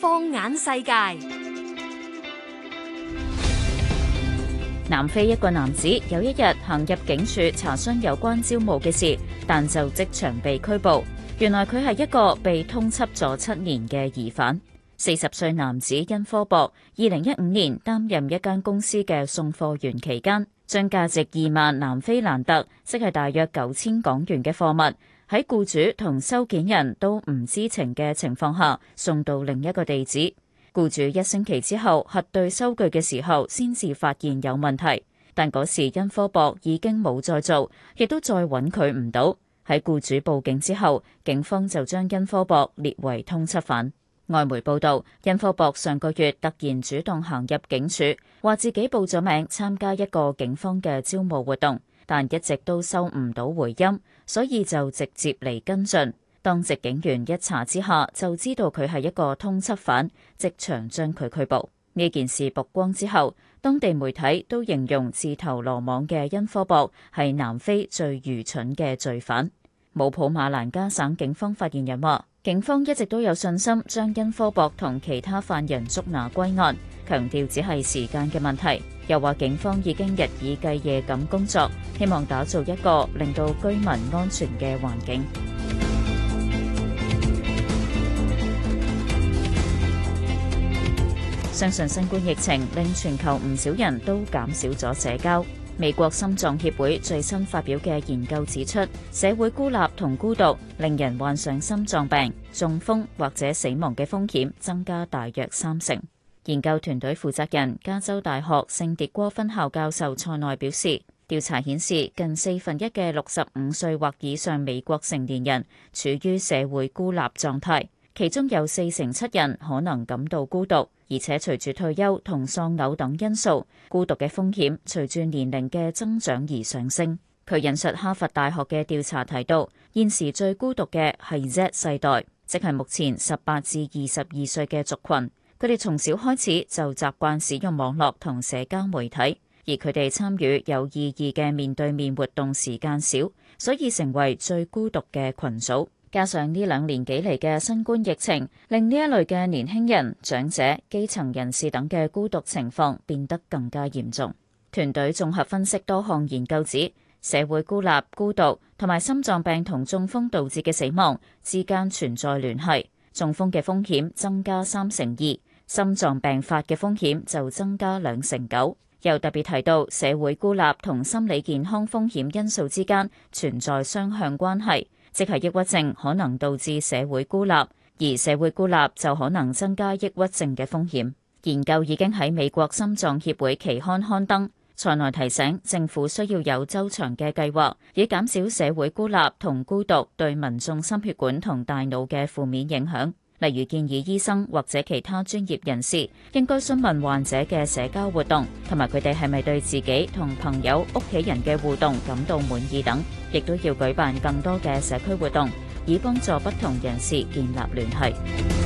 放眼世界，南非一個男子有一日行入警署查詢有關招募嘅事，但就即場被拘捕。原來佢係一個被通緝咗七年嘅疑犯。四十歲男子因科博，二零一五年擔任一間公司嘅送貨員期間，將價值二萬南非蘭特，即係大約九千港元嘅貨物。喺僱主同收件人都唔知情嘅情況下送到另一個地址，僱主一星期之後核對收據嘅時候，先至發現有問題，但嗰時因科博已經冇再做，亦都再揾佢唔到。喺僱主報警之後，警方就將因科博列為通緝犯。外媒報道，因科博上個月突然主動行入警署，話自己報咗名參加一個警方嘅招募活動。但一直都收唔到回音，所以就直接嚟跟進，當值警員一查之下，就知道佢係一個通緝犯，即場將佢拘捕。呢件事曝光之後，當地媒體都形容自投羅網嘅恩科博係南非最愚蠢嘅罪犯。姆普馬蘭加省警方發言人話。警方一直都有信心將因科博同其他犯人捉拿歸案，強調只係時間嘅問題。又話警方已經日以繼夜咁工作，希望打造一個令到居民安全嘅環境。相信新冠疫情令全球唔少人都減少咗社交 美國心臟協會最新發表嘅研究指出，社會孤立同孤獨令人患上心臟病、中風或者死亡嘅風險增加大約三成。研究團隊負責人加州大學聖迭戈分校教授賽內表示，調查顯示近四分一嘅六十五歲或以上美國成年人處於社會孤立狀態。其中有四成七人可能感到孤獨，而且隨住退休同喪偶等因素，孤獨嘅風險隨住年齡嘅增長而上升。佢引述哈佛大學嘅調查提到，現時最孤獨嘅係 Z 世代，即係目前十八至二十二歲嘅族群。佢哋從小開始就習慣使用網絡同社交媒體，而佢哋參與有意義嘅面對面活動時間少，所以成為最孤獨嘅群組。加上呢兩年幾嚟嘅新冠疫情，令呢一類嘅年輕人、長者、基層人士等嘅孤獨情況變得更加嚴重。團隊綜合分析多項研究指，社會孤立、孤獨同埋心臟病同中風導致嘅死亡之間存在聯繫，中風嘅風險增加三成二，心臟病發嘅風險就增加兩成九。又特別提到，社會孤立同心理健康風險因素之間存在雙向關係。即係抑鬱症可能導致社會孤立，而社會孤立就可能增加抑鬱症嘅風險。研究已經喺美國心臟協會期刊刊登。蔡內提醒政府需要有周詳嘅計劃，以減少社會孤立同孤獨對民眾心血管同大腦嘅負面影響。例如建議醫生或者其他專業人士應該詢問患者嘅社交活動，同埋佢哋係咪對自己同朋友、屋企人嘅互動感到滿意等，亦都要舉辦更多嘅社區活動，以幫助不同人士建立聯繫。